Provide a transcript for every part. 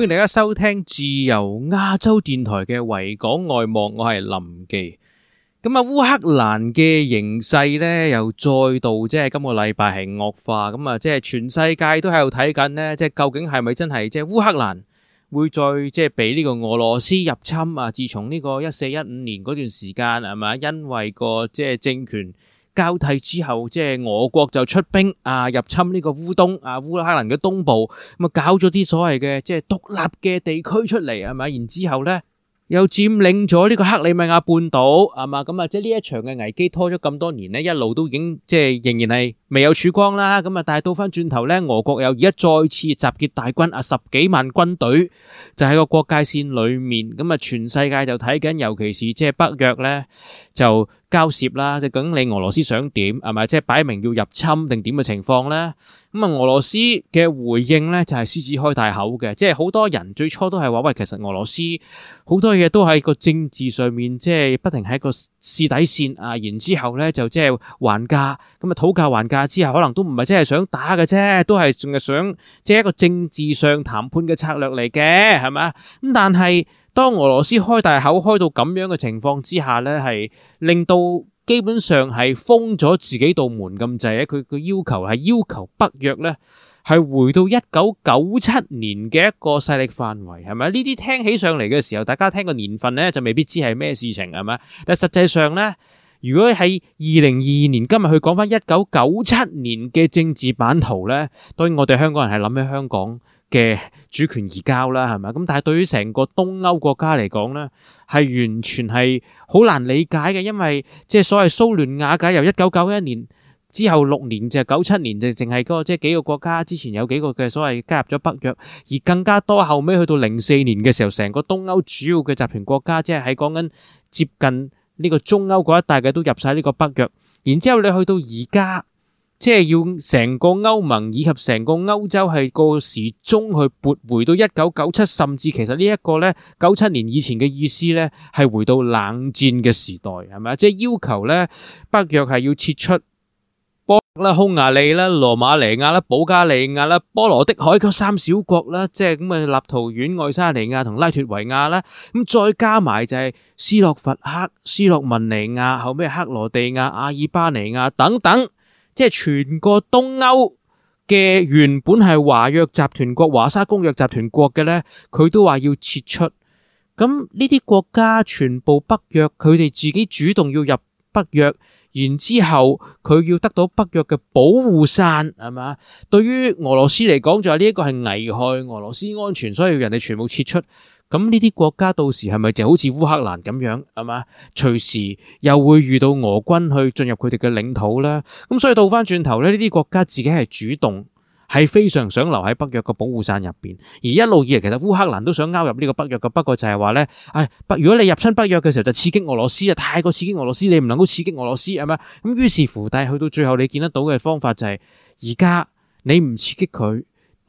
歡迎大家收聽自由亞洲電台嘅維港外望，我係林記。咁啊，烏克蘭嘅形勢呢又再度即係今個禮拜係惡化，咁啊即係全世界都喺度睇緊呢，即係究竟係咪真係即係烏克蘭會再即係俾呢個俄羅斯入侵啊？自從呢個一四一五年嗰段時間係咪，因為個即係政權。交替之後，即係俄國就出兵啊入侵呢個烏東啊烏克蘭嘅東部，咁啊搞咗啲所謂嘅即係獨立嘅地區出嚟，係咪？然之後咧又佔領咗呢個克里米亞半島，係嘛？咁啊，即係呢一場嘅危機拖咗咁多年咧，一路都已經即係仍然係未有曙光啦。咁啊，但係到翻轉頭咧，俄國又而家再次集結大軍啊，十幾萬軍隊就喺個國界線裏面，咁啊，全世界就睇緊，尤其是即係北約咧就。交涉啦，即係究竟你俄羅斯想點係咪？即係擺明要入侵定點嘅情況咧？咁啊，俄羅斯嘅回應咧就係獅子開大口嘅，即係好多人最初都係話喂，其實俄羅斯好多嘢都係個政治上面，即係不停喺個試底線啊。然之後咧就即係還價，咁啊討價還價之後，可能都唔係真係想打嘅啫，都係仲係想即係一個政治上談判嘅策略嚟嘅，係咪啊，咁但係。當俄羅斯開大口開到咁樣嘅情況之下呢，係令到基本上係封咗自己道門咁滯咧。佢個要求係要求北約呢係回到一九九七年嘅一個勢力範圍，係咪？呢啲聽起上嚟嘅時候，大家聽個年份呢就未必知係咩事情，係咪？但係實際上呢，如果喺二零二二年今日去講翻一九九七年嘅政治版圖呢，當然我哋香港人係諗起香港。嘅主權移交啦，係嘛？咁但係對於成個東歐國家嚟講咧，係完全係好難理解嘅，因為即係所謂蘇聯瓦解由一九九一年之後六年就九七年就淨係個即係幾個國家之前有幾個嘅所謂加入咗北約，而更加多後尾去到零四年嘅時候，成個東歐主要嘅集團國家，即係喺講緊接近呢個中歐嗰一帶嘅都入晒呢個北約，然之後你去到而家。即係要成個歐盟以及成個歐洲係個時鐘去撥回到一九九七，甚至其實呢一個呢，九七年以前嘅意思呢係回到冷戰嘅時代，係咪啊？即係要求呢，北約係要撤出波蘭啦、匈牙利啦、羅馬尼亞啦、保加利亞啦、波羅的海嘅三小國啦，即係咁啊，立陶宛、愛沙尼亞同拉脫維亞啦，咁再加埋就係斯洛伐克、斯洛文尼亞，後尾克羅地亞、阿爾巴尼亞等等。即係全個東歐嘅原本係華約集團國、華沙公約集團國嘅呢，佢都話要撤出。咁呢啲國家全部北約，佢哋自己主動要入北約，然之後佢要得到北約嘅保護傘，係嘛？對於俄羅斯嚟講，就係呢一個係危害俄羅斯安全，所以人哋全部撤出。咁呢啲國家到時係咪就好似烏克蘭咁樣，係嘛？隨時又會遇到俄軍去進入佢哋嘅領土啦。咁、嗯、所以倒翻轉頭咧，呢啲國家自己係主動，係非常想留喺北約嘅保護傘入邊。而一路以嚟，其實烏克蘭都想勾入呢個北約嘅，不過就係話咧，唉、哎，北如果你入侵北約嘅時候就刺激俄羅斯，就太過刺激俄羅斯，你唔能夠刺激俄羅斯係嘛？咁於是乎，但係去到最後，你見得到嘅方法就係而家你唔刺激佢。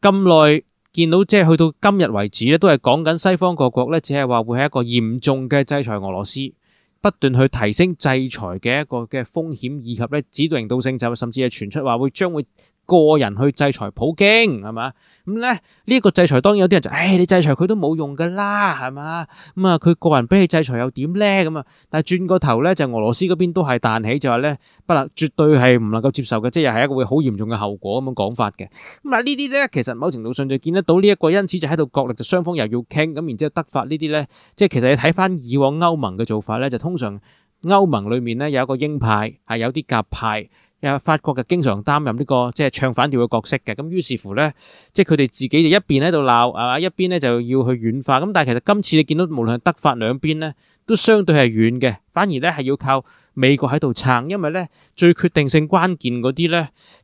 咁耐見到即係去到今日為止都係講緊西方各國咧，只係話會係一個嚴重嘅制裁俄羅斯，不斷去提升制裁嘅一個嘅風險，以及指導性甚至係傳出話會將會。個人去制裁普京係嘛？咁咧呢一個制裁當然有啲人就誒、哎，你制裁佢都冇用噶啦，係嘛？咁、嗯、啊，佢個人俾你制裁又點咧？咁、嗯、啊，但係轉個頭咧，就是、俄羅斯嗰邊都係彈起，就話咧不啦，絕對係唔能夠接受嘅，即係又係一個會好嚴重嘅後果咁樣講法嘅。咁、嗯、啊，呢啲咧其實某程度上就見得到呢、這、一個，因此就喺度角力，就雙方又要傾咁，然之後德法呢啲咧，即係其實你睇翻以往歐盟嘅做法咧，就通常歐盟裡面咧有一個鷹派，係有啲鴿派。又法國就經常擔任呢個即係唱反調嘅角色嘅，咁於是乎咧，即係佢哋自己就一邊喺度鬧，係嘛，一邊咧就要去軟化。咁但係其實今次你見到無論德法兩邊咧，都相對係軟嘅，反而咧係要靠美國喺度撐，因為咧最決定性關鍵嗰啲咧，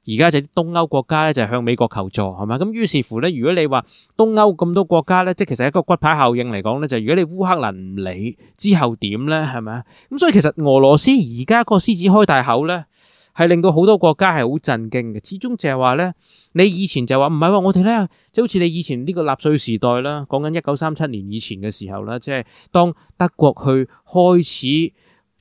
而家就係東歐國家咧就係向美國求助，係嘛？咁於是乎咧，如果你話東歐咁多國家咧，即係其實一個骨牌效應嚟講咧，就係如果你烏克蘭唔理之後點咧，係咪？咁所以其實俄羅斯而家個獅子開大口咧。係令到好多國家係好震驚嘅，始終就係話咧，你以前就話唔係喎，我哋咧就好似你以前呢個納粹時代啦，講緊一九三七年以前嘅時候啦，即係當德國去開始。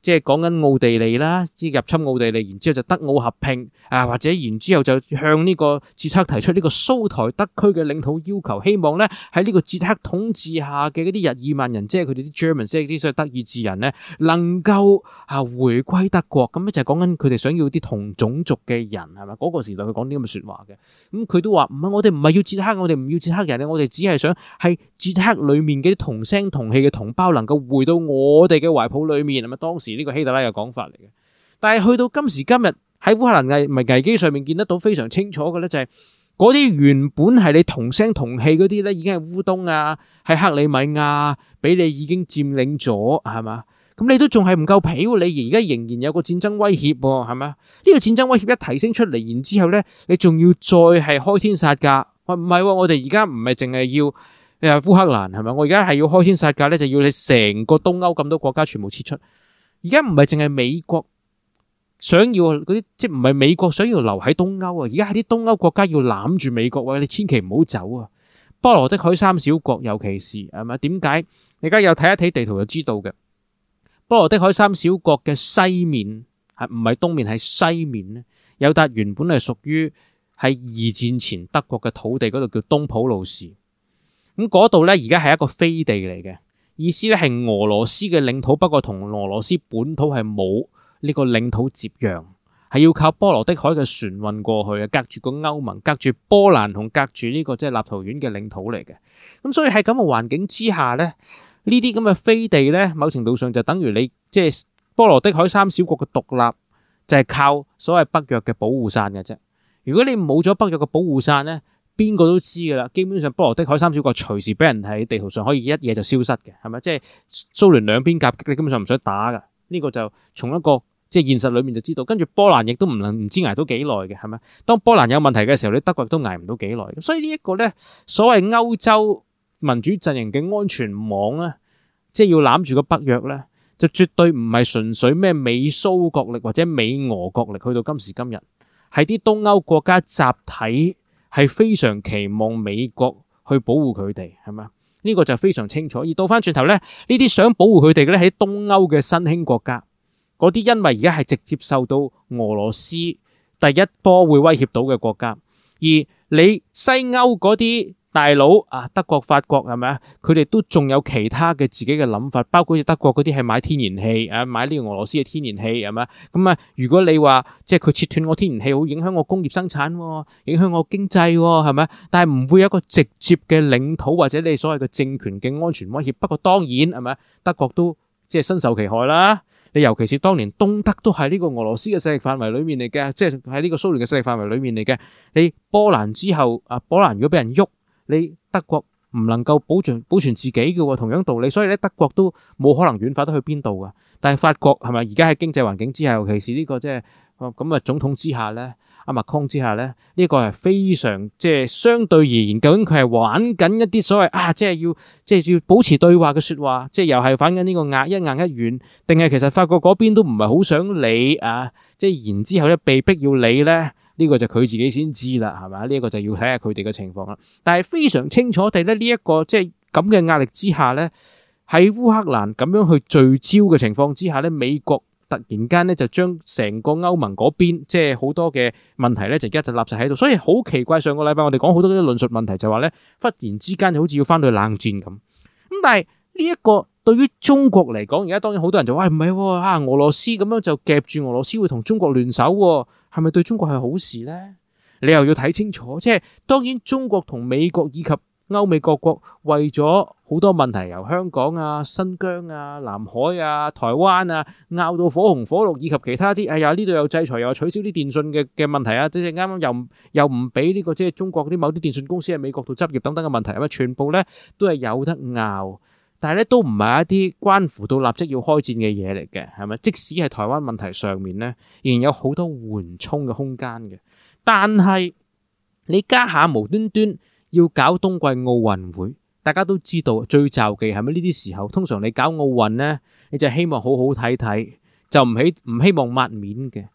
即係講緊奧地利啦，即入侵奧地利，然之後就德奧合併啊，或者然之後就向呢個捷克提出呢個蘇台德區嘅領土要求，希望咧喺呢個捷克統治下嘅嗰啲日耳曼人，即係佢哋啲 German，即係啲所謂德意志人咧，能夠啊回歸德國。咁咧就係講緊佢哋想要啲同種族嘅人係嘛？嗰、那個時代佢講啲咁嘅説話嘅。咁、嗯、佢都話唔係，我哋唔係要捷克，我哋唔要捷克人，我哋只係想喺捷克裡面嘅啲同聲同氣嘅同胞能夠回到我哋嘅懷抱裡面。咁啊，當時。呢個希特拉嘅講法嚟嘅，但係去到今時今日喺烏克蘭危唔危機上面見得到非常清楚嘅咧，就係嗰啲原本係你同聲同氣嗰啲咧，已經係烏東啊，喺克里米亞俾你已經佔領咗，係嘛？咁你都仲係唔夠皮喎？你而家仍然有個戰爭威脅喎，係咪啊？呢個戰爭威脅一提升出嚟，然之後咧，你仲要再係開天殺價？話唔係喎，我哋而家唔係淨係要誒烏克蘭係嘛？我而家係要開天殺價咧，就要你成個東歐咁多國家全部撤出。而家唔係淨係美國想要啲，即係唔係美國想要留喺東歐啊？而家係啲東歐國家要攬住美國，喂，你千祈唔好走啊！波羅的海三小國尤其是，係咪？點解？你而家又睇一睇地圖，就知道嘅。波羅的海三小國嘅西面係唔係東面係西面咧？有笪原本係屬於喺二戰前德國嘅土地嗰度，叫東普魯士。咁嗰度呢，而家係一個飛地嚟嘅。意思呢係俄羅斯嘅領土，不過同俄羅斯本土係冇呢個領土接壤，係要靠波羅的海嘅船運過去嘅，隔住個歐盟，隔住波蘭同隔住呢個即係立陶宛嘅領土嚟嘅。咁所以喺咁嘅環境之下呢，呢啲咁嘅飛地呢，某程度上就等於你即係、就是、波羅的海三小國嘅獨立，就係、是、靠所謂北約嘅保護傘嘅啫。如果你冇咗北約嘅保護傘呢，邊個都知嘅啦，基本上波羅的海三小國隨時俾人喺地圖上可以一夜就消失嘅，係咪？即係蘇聯兩邊夾擊，你根本上唔使打㗎，呢個就從一個即係現實裏面就知道。跟住波蘭亦都唔能唔知捱到幾耐嘅，係咪？當波蘭有問題嘅時候，你德國都捱唔到幾耐。所以呢一個呢，所謂歐洲民主陣營嘅安全網呢，即係要攬住個北約呢，就絕對唔係純粹咩美蘇國力或者美俄國力去到今時今日，係啲東歐國家集體。係非常期望美國去保護佢哋，係咪？呢個就非常清楚。而倒翻轉頭呢，呢啲想保護佢哋嘅咧，喺東歐嘅新興國家，嗰啲因為而家係直接受到俄羅斯第一波會威脅到嘅國家，而你西歐嗰啲。大佬啊，德國、法國係咪啊？佢哋都仲有其他嘅自己嘅諗法，包括德國嗰啲係買天然氣，誒買呢個俄羅斯嘅天然氣係咪咁啊，如果你話即係佢切斷我天然氣，好影響我工業生產喎，影響我經濟喎，係咪？但係唔會有一個直接嘅領土或者你所謂嘅政權嘅安全威脅。不過當然係咪啊？德國都即係身受其害啦。你尤其是當年東德都係呢個俄羅斯嘅勢力範圍裡面嚟嘅，即係喺呢個蘇聯嘅勢力範圍裡面嚟嘅。你波蘭之後啊，波蘭如果畀人喐，你德國唔能夠保障保存自己嘅喎、哦，同樣道理，所以咧德國都冇可能軟化得去邊度㗎。但係法國係咪？而家喺經濟環境之下，尤其是呢個即係咁嘅總統之下咧，阿麥康之下咧，呢、這個係非常即係相對而言，究竟佢係玩緊一啲所謂啊，即係要即係要保持對話嘅説話，即係又係反緊呢個硬一硬一軟，定係其實法國嗰邊都唔係好想理啊，即係然之後咧被逼要理咧。呢個就佢自己先知啦，係嘛？呢一個就要睇下佢哋嘅情況啦。但係非常清楚地呢一個即係咁嘅壓力之下呢，喺烏克蘭咁樣去聚焦嘅情況之下呢，美國突然間呢就將成個歐盟嗰邊即係好多嘅問題呢就一直立實喺度。所以好奇怪，上個禮拜我哋講好多啲論述問題就，就話呢忽然之間好似要翻到去冷戰咁。咁但係呢一個對於中國嚟講，而家當然好多人就話喂，唔係啊，俄羅斯咁樣就夾住俄羅斯會同中國聯手啊。係咪對中國係好事呢？你又要睇清楚，即係當然中國同美國以及歐美各國為咗好多問題，由香港啊、新疆啊、南海啊、台灣啊，拗到火紅火綠，以及其他啲哎呀呢度又制裁，又取消啲電信嘅嘅問題啊，啱啱又又唔俾呢個即係中國啲某啲電信公司喺美國度執業等等嘅問題，咁啊，全部咧都係有得拗。但係咧都唔係一啲關乎到立即要開戰嘅嘢嚟嘅，係咪？即使係台灣問題上面咧，仍然有好多緩衝嘅空間嘅。但係你家下無端端要搞冬季奧運會，大家都知道最就忌係咪呢啲時候？通常你搞奧運咧，你就希望好好睇睇，就唔喜唔希望抹面嘅。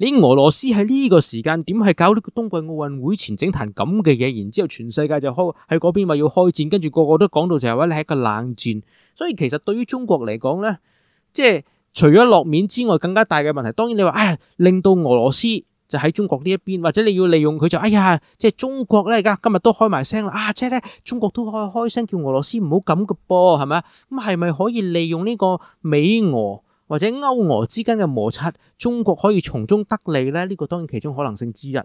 你俄羅斯喺呢個時間點係搞呢個冬季奧運會前整壇咁嘅嘢，然之後全世界就開喺嗰邊話要開戰，跟住個個都講到就係話你係一個冷戰。所以其實對於中國嚟講呢，即係除咗落面之外，更加大嘅問題，當然你話，哎，令到俄羅斯就喺中國呢一邊，或者你要利用佢就，哎呀，即係中國咧而家今日都開埋聲啦，啊，即係咧，中國都可以開開聲叫俄羅斯唔好咁嘅噃，係咪？咁係咪可以利用呢個美俄？或者歐俄之間嘅摩擦，中國可以從中得利呢，呢個當然其中可能性之一啦。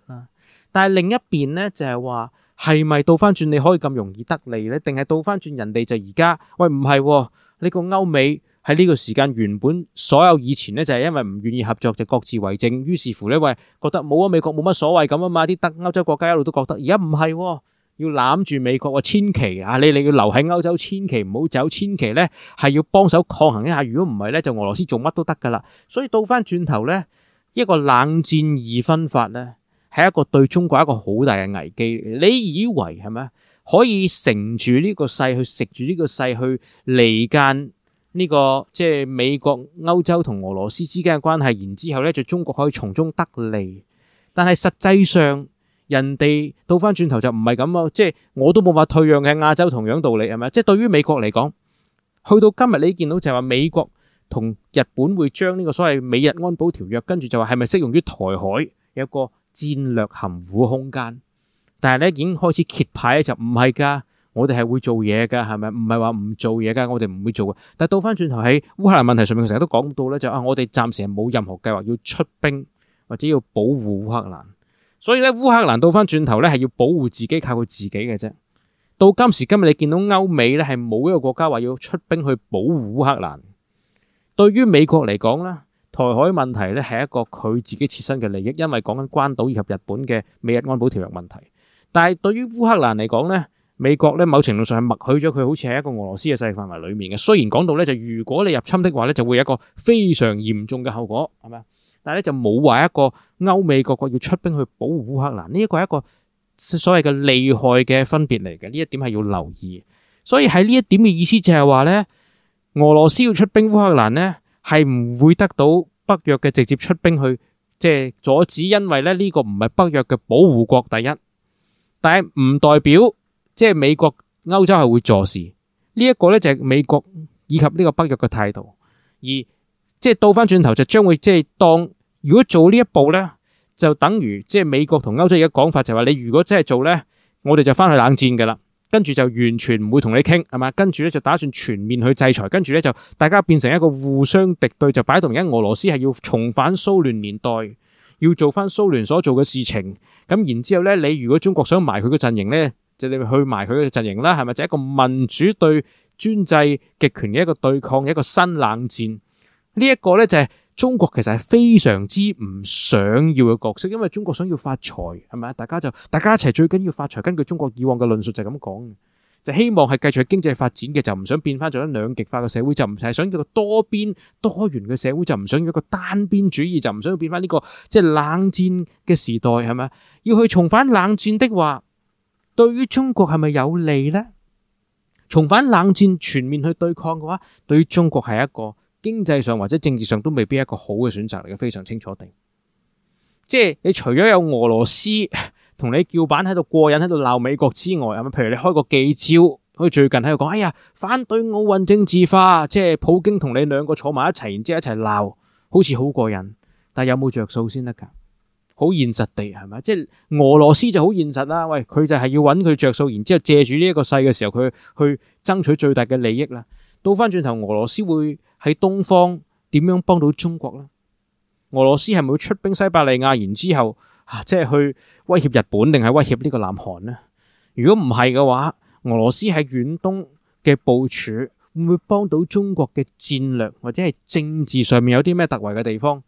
但係另一邊呢，就係話係咪倒翻轉你可以咁容易得利呢？定係倒翻轉人哋就而家喂，唔係喎。呢個歐美喺呢個時間原本所有以前呢，就係因為唔願意合作就各自為政，於是乎呢，喂覺得冇啊，美國冇乜所謂咁啊嘛，啲德歐洲國家一路都覺得而家唔係喎。要攬住美國話千祈啊，你你要留喺歐洲千祈唔好走，千祈呢係要幫手抗衡一下。如果唔係呢，就俄羅斯做乜都得噶啦。所以倒翻轉頭呢，一個冷戰二分法呢，係一個對中國一個好大嘅危機。你以為係咪可以乘住呢個勢去食住呢個勢去離間呢個即係美國、歐洲同俄羅斯之間嘅關係，然之後呢就中國可以從中得利。但係實際上，人哋到翻轉頭就唔係咁咯，即係我都冇法退讓嘅亞洲同樣道理係咪啊？即係對於美國嚟講，去到今日你見到就係話美國同日本會將呢個所謂美日安保條約跟住就話係咪適用於台海有個戰略含糊空間？但係咧已經開始揭牌咧，就唔係㗎，我哋係會做嘢㗎，係咪？唔係話唔做嘢㗎，我哋唔會做嘅。但係到翻轉頭喺烏克蘭問題上面，成日都講到咧，就啊，我哋暫時係冇任何計劃要出兵或者要保護烏克蘭。所以咧，烏克蘭到翻轉頭咧係要保護自己，靠佢自己嘅啫。到今時今日你，你見到歐美咧係冇一個國家話要出兵去保護烏克蘭。對於美國嚟講咧，台海問題咧係一個佢自己切身嘅利益，因為講緊關島以及日本嘅美日安保條約問題。但係對於烏克蘭嚟講呢，美國呢，某程度上係默許咗佢好似喺一個俄羅斯嘅勢力範圍裏面嘅。雖然講到呢，就如果你入侵的話呢，就會有一個非常嚴重嘅後果，係咪啊？但係咧，就冇話一個歐美各國國要出兵去保護烏克蘭，呢一個係一個所謂嘅利害嘅分別嚟嘅呢一點係要留意，所以喺呢一點嘅意思就係話呢俄羅斯要出兵烏克蘭呢係唔會得到北約嘅直接出兵去即係阻止，因為咧呢、這個唔係北約嘅保護國第一，但係唔代表即係美國歐洲係會坐視呢一、這個呢，就係、是、美國以及呢個北約嘅態度而。即係倒翻轉頭，就將會即係當如果做呢一步呢，就等於即係美國同歐洲而家講法，就話你如果真係做呢，我哋就返去冷戰噶啦，跟住就完全唔會同你傾係嘛，跟住呢就打算全面去制裁，跟住呢就大家變成一個互相敵對，就擺到而家俄羅斯係要重返蘇聯年代，要做翻蘇聯所做嘅事情。咁然之後咧，你如果中國想埋佢個陣營呢，就你去埋佢嘅陣營啦，係咪？就係一個民主對專制極權嘅一個對抗，嘅一個新冷戰。呢一個呢，就係中國其實係非常之唔想要嘅角色，因為中國想要發財，係咪？大家就大家一齊最緊要發財。根據中國以往嘅論述就係咁講嘅，就希望係繼續去經濟發展嘅，就唔想變翻做一兩極化嘅社會，就唔係想叫做多邊多元嘅社會，就唔想要一個單邊主義，就唔想要變翻呢個即係冷戰嘅時代，係咪？要去重返冷戰的話，對於中國係咪有利呢？重返冷戰全面去對抗嘅話，對於中國係一個。經濟上或者政治上都未必係一個好嘅選擇嚟嘅，非常清楚地，即係你除咗有俄羅斯同你叫板喺度過癮，喺度鬧美國之外，係咪？譬如你開個記招，好似最近喺度講，哎呀，反對奧運政治化，即係普京同你兩個坐埋一齊，然之後一齊鬧，好似好過癮，但有冇着數先得噶？好現實地係咪？即係俄羅斯就好現實啦，喂，佢就係要揾佢着數，然之後借住呢一個勢嘅時候，佢去爭取最大嘅利益啦。倒翻轉頭，俄羅斯會喺東方點樣幫到中國呢？俄羅斯係咪會出兵西伯利亞，然之後啊，即係去威脅日本，定係威脅呢個南韓呢？如果唔係嘅話，俄羅斯喺遠東嘅部署會唔會幫到中國嘅戰略或者係政治上面有啲咩特惠嘅地方？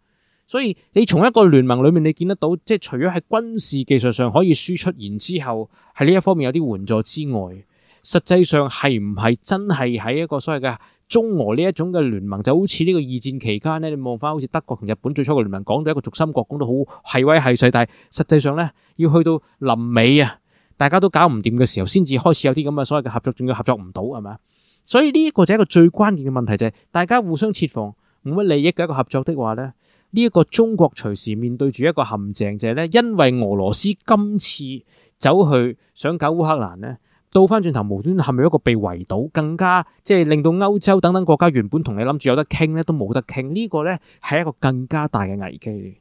所以你從一個聯盟裏面，你見得到即係除咗喺軍事技術上可以輸出，然之後喺呢一方面有啲援助之外。實際上係唔係真係喺一個所謂嘅中俄呢一種嘅聯盟，就好似呢個二戰期間咧，你望翻好似德國同日本最初嘅聯盟，講到一個軸心國，講到好係威係勢，但係實際上呢，要去到臨尾啊，大家都搞唔掂嘅時候，先至開始有啲咁嘅所謂嘅合作，仲要合作唔到係嘛？所以呢一個就係一個最關鍵嘅問題，就係大家互相設防冇乜利益嘅一個合作的話呢，呢一個中國隨時面對住一個陷阱就係呢，因為俄羅斯今次走去想搞烏克蘭呢。倒翻轉頭，無端係咪一個被圍堵，更加即係令到歐洲等等國家原本同你諗住有得傾呢，都冇得傾。呢個呢，係一個更加大嘅危機。